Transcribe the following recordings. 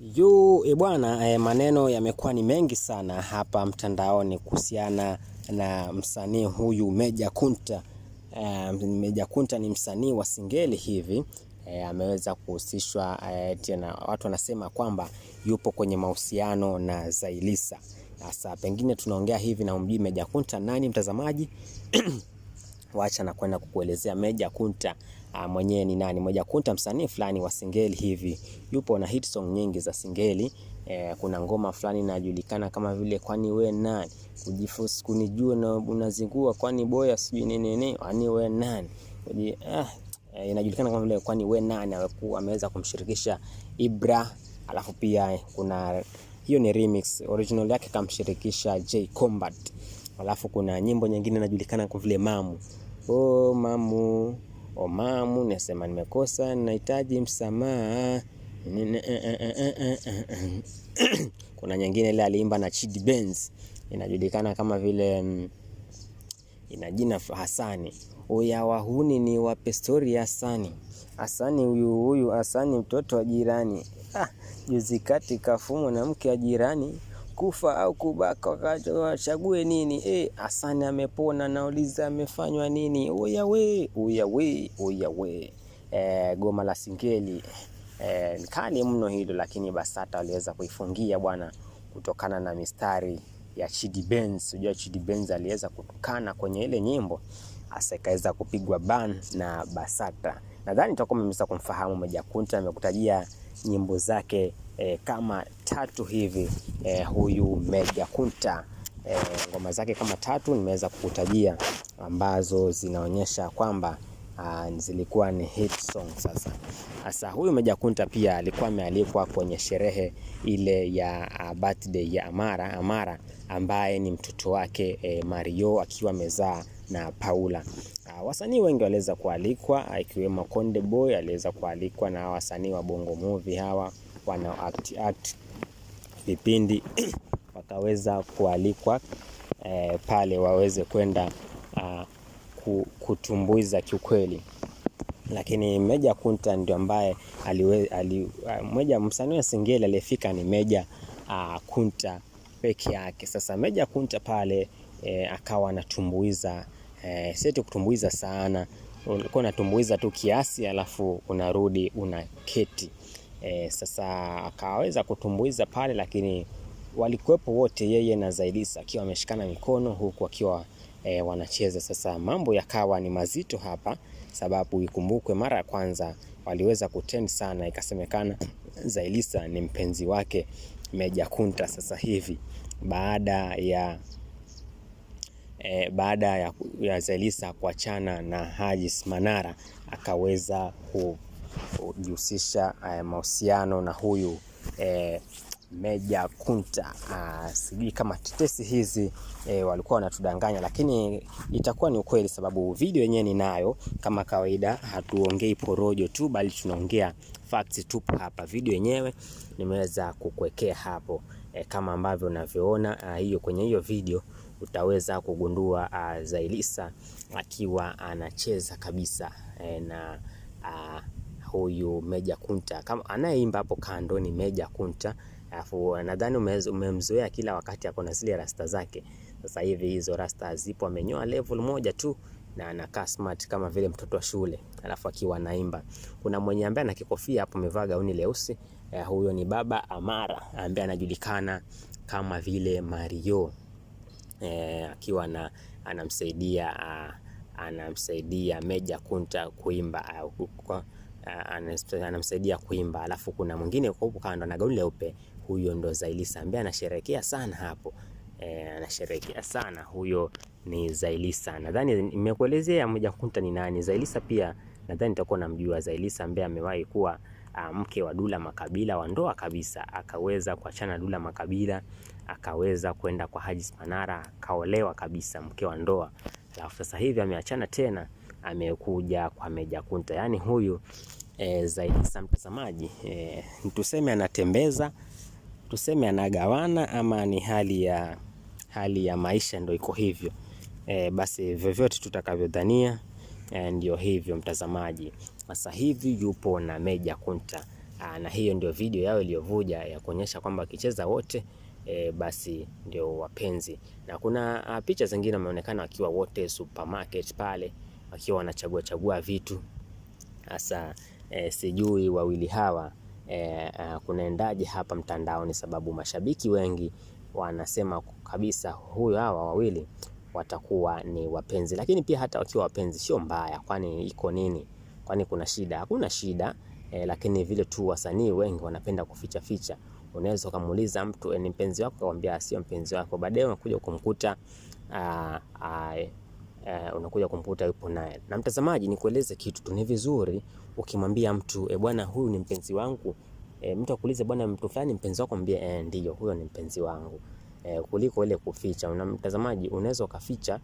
Juu eh, bwana e, maneno yamekuwa ni mengi sana hapa mtandaoni kuhusiana na msanii huyu Meja Kunta. E, Meja Kunta ni msanii wa Singeli hivi e, ameweza kuhusishwa e, tena watu wanasema kwamba yupo kwenye mahusiano na Zailisa. Sasa pengine tunaongea hivi na umjui Meja Kunta nani mtazamaji? Wacha na kwenda kukuelezea Meja Kunta Ah, mwenyewe ni nani Mwijakunta, msanii fulani wa singeli hivi, yupo na hit song nyingi za singeli e, kuna ngoma fulani inajulikana kama vile kwani we nani, kujifusi kunijua na unazingua kwani boya sijui nini nini, kwani we nani Kuji, ah, e, inajulikana kama vile kwani we nani, ameweza kumshirikisha Ibra, alafu pia kuna hiyo ni remix, original yake kamshirikisha J Combat, alafu kuna nyimbo nyingine inajulikana kwa vile mamu oh mamu omamu, nasema nimekosa, nahitaji msamaha. Kuna nyingine ile aliimba na Chidi Benz inajulikana kama vile mm, ina jina Hasani. Uya wahuni ni wape stori Hasani. Hasani huyu huyu Hasani mtoto wa jirani. Ah, juzi kati kafu mwanamke wa jirani kufa au kubaka, wachague nini? E, Hasani amepona, nauliza amefanywa nini? Oyawe, oyawe, oyawe. E, goma la Singeli e, kali mno hilo, lakini Basata waliweza kuifungia bwana, kutokana na mistari ya Chidi Benz. Unajua Chidi Benz aliweza kutukana kwenye ile nyimbo hasa ikaweza kupigwa ban na Basata. Nadhani tutakuwa mmeweza kumfahamu Meja amekutajia nyimbo zake e, kama tatu hivi eh, huyu Meja Kunta eh, ngoma zake kama tatu nimeweza kukutajia ambazo zinaonyesha kwamba Uh, zilikuwa ni hit song. Sasa sasa huyu Meja Kunta pia alikuwa amealikwa kwenye sherehe ile ya uh, birthday ya Amara Amara ambaye ni mtoto wake eh, Mario akiwa amezaa na Paula. Uh, wasanii wengi waliweza kualikwa ikiwemo Konde Boy aliweza kualikwa na wasanii wa Bongo Movie hawa wanao act act vipindi wakaweza kualikwa e, pale waweze kwenda ah, kutumbuiza kiukweli. Lakini Meja Kunta ndio ambaye aliwe, ali, ah, Meja msanii wa singeli aliyefika ni Meja a, ah, Kunta peke yake. Sasa Meja Kunta pale e, akawa anatumbuiza e, si kutumbuiza sana, ulikuwa unatumbuiza tu kiasi, alafu unarudi unaketi. E, sasa akaweza kutumbuiza pale, lakini walikuwepo wote, yeye na Zailisa akiwa ameshikana mikono huku akiwa e, wanacheza. Sasa mambo yakawa ni mazito hapa, sababu ikumbukwe mara ya kwanza waliweza kutend sana, ikasemekana Zailisa ni mpenzi wake Meja Kunta. Sasa hivi baada ya E, baada ya, ya Zailisa kuachana na Haji Manara akaweza ku kujihusisha uh, mahusiano na huyu eh, Meja Kunta. Uh, sijui kama tetesi hizi e, walikuwa wanatudanganya, lakini itakuwa ni ukweli, sababu video yenyewe ninayo. Kama kawaida, hatuongei porojo tu, bali tunaongea facts. Tupo hapa, video yenyewe nimeweza kukuwekea hapo e, kama ambavyo unavyoona ah, hiyo. kwenye hiyo video utaweza kugundua uh, Zailisa akiwa anacheza kabisa e, na uh, huyu Meja Kunta. Kama anayeimba hapo kando ni Meja Kunta, alafu nadhani umemzoea kila wakati ako na zile rasta zake. Sasa hivi hizo rasta zipo, amenyoa level moja tu na anakaa smart kama vile mtoto wa shule, alafu akiwa anaimba. Kuna mwenye ambaye ana kikofia hapo, amevaa gauni leusi eh, huyo ni Baba Amara ambaye anajulikana kama vile Mario eh, akiwa na anamsaidia ah, anamsaidia Meja Kunta kuimba au uh, Eh, anamsaidia kuimba, alafu kuna mwingine huko huko kando na gauni leupe, huyo ndo Zailisa ambaye anasherekea sana hapo e, eh, anasherekea sana huyo ni Zailisa. Nadhani nimekuelezea moja kunta ni nani Zailisa. Pia nadhani nitakuwa namjua Zailisa ambaye amewahi kuwa ah, mke wa Dula Makabila wa ndoa kabisa, akaweza kuachana Dula Makabila, akaweza kwenda kwa Haji Manara, akaolewa kabisa, mke wa ndoa. Alafu sasa hivi ameachana tena amekuja kwa Meja Kunta. Yaani huyu e, zaidi sana mtazamaji e, tuseme anatembeza, tuseme anagawana, ama ni hali ya hali ya maisha ndio iko hivyo e, basi vyovyote tutakavyodhania e, ndio hivyo mtazamaji. Sasa hivi yupo na Meja Kunta Aa, ah, na hiyo ndio video yao iliyovuja ya kuonyesha kwamba wakicheza wote e, basi ndio wapenzi, na kuna a, ah, picha zingine wameonekana wakiwa wote supermarket pale wakiwa wanachagua chagua vitu hasa. E, sijui wawili hawa e, kunaendaje hapa mtandaoni, sababu mashabiki wengi wanasema kabisa huyu hawa wawili watakuwa ni wapenzi, lakini pia hata wakiwa wapenzi sio mbaya, kwani iko nini? Kwani kuna shida? Hakuna shida. E, lakini vile tu wasanii wengi wanapenda kuficha ficha. Unaweza ukamuuliza mtu ni mpenzi wako, akwambia sio mpenzi wako, baadaye unakuja kumkuta ah, ah, uh, unakuja kumkuta yupo naye. Na mtazamaji, nikueleze kitu tu, ni vizuri ukimwambia mtu e, bwana huyu ni mpenzi wangu e, mtu akuulize bwana, mtu fulani mpenzi wako, mwambie eh, ndio huyo ni mpenzi wangu e, kuliko ile kuficha. Una mtazamaji, unaweza ukaficha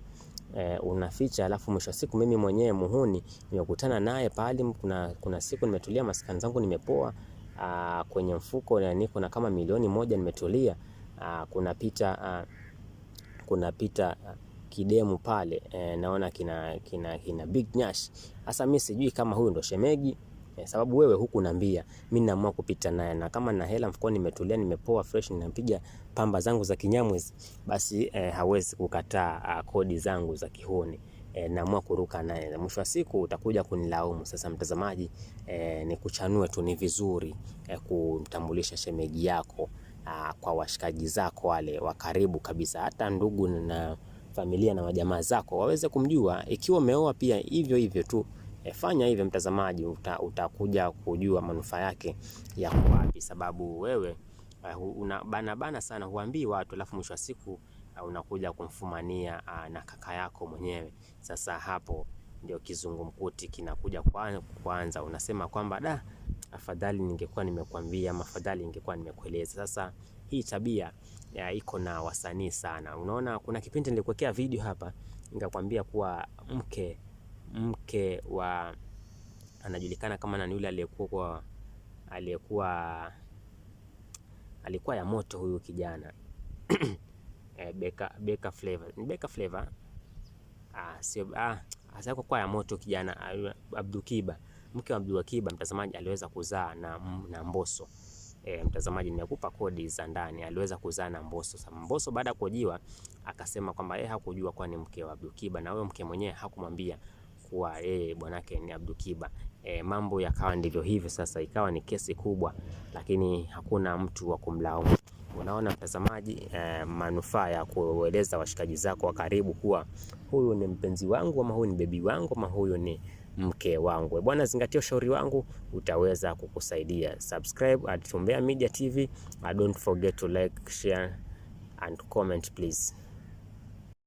E, unaficha alafu mwisho wa siku mimi mwenyewe muhuni nimekutana naye pale. Kuna, kuna siku nimetulia maskani zangu nimepoa, a, ah, kwenye mfuko na niko na kama milioni moja nimetulia, a, ah, kunapita a, pita ah, a, kidemu pale e, naona kina, kina, kina Big Nyash. Sasa mimi sijui kama huyu ndo shemeji e, sababu wewe huku naambia mimi naamua kupita naye, na kama na hela mfukoni, nimetulia, nimepoa fresh, ninampiga pamba zangu za kinyamwezi, basi e, hawezi kukataa a, kodi zangu za kihuni. E, naamua kuruka naye, mwisho wa siku utakuja kunilaumu. Sasa mtazamaji, e, ni kuchanue tu, ni vizuri e, kumtambulisha shemeji yako a, kwa washikaji zako wale wa karibu kabisa, hata ndugu na familia na majamaa zako waweze kumjua. Ikiwa umeoa pia hivyo hivyo tu e, fanya hivyo mtazamaji, utakuja uta kujua manufaa yake yako wapi, sababu wewe uh, una bana bana sana, huambii watu, alafu mwisho wa siku uh, unakuja kumfumania uh, na kaka yako mwenyewe. Sasa hapo ndio kizungumkuti kinakuja kwanza, unasema kwamba da, afadhali ningekuwa nimekwambia, afadhali ningekuwa nimekueleza. Sasa hii tabia ya iko na wasanii sana. Unaona, kuna kipindi nilikuwekea video hapa nikakwambia kuwa mke mke wa anajulikana kama nani yule aliyekuwa aliyekuwa alikuwa ya moto huyu kijana e, Beka Beka Flavor ni Beka Flavor ah, sio ah, asa kwa ya moto kijana Abdukiba, mke wa Abdukiba mtazamaji, aliweza kuzaa na, na Mboso e, mtazamaji, nimekupa kodi za ndani. Aliweza kuzaa na Mbosso. Sasa Mbosso baada ya kujiwa akasema kwamba yeye hakujua kuwa ni mke wa Abdukiba, na huyo mke mwenyewe hakumwambia kuwa yeye bwanake ni Abdukiba. E, mambo yakawa ndivyo hivyo. Sasa ikawa ni kesi kubwa, lakini hakuna mtu wa kumlaumu. Unaona mtazamaji, eh, manufaa ya kueleza washikaji zako wa karibu kuwa huyu ni mpenzi wangu ama huyu ni bebi wangu ama huyu ni mke wangu. Bwana, zingatia ushauri wangu, utaweza kukusaidia. Subscribe at Tumbea Media TV. I don't forget to like, share and comment please.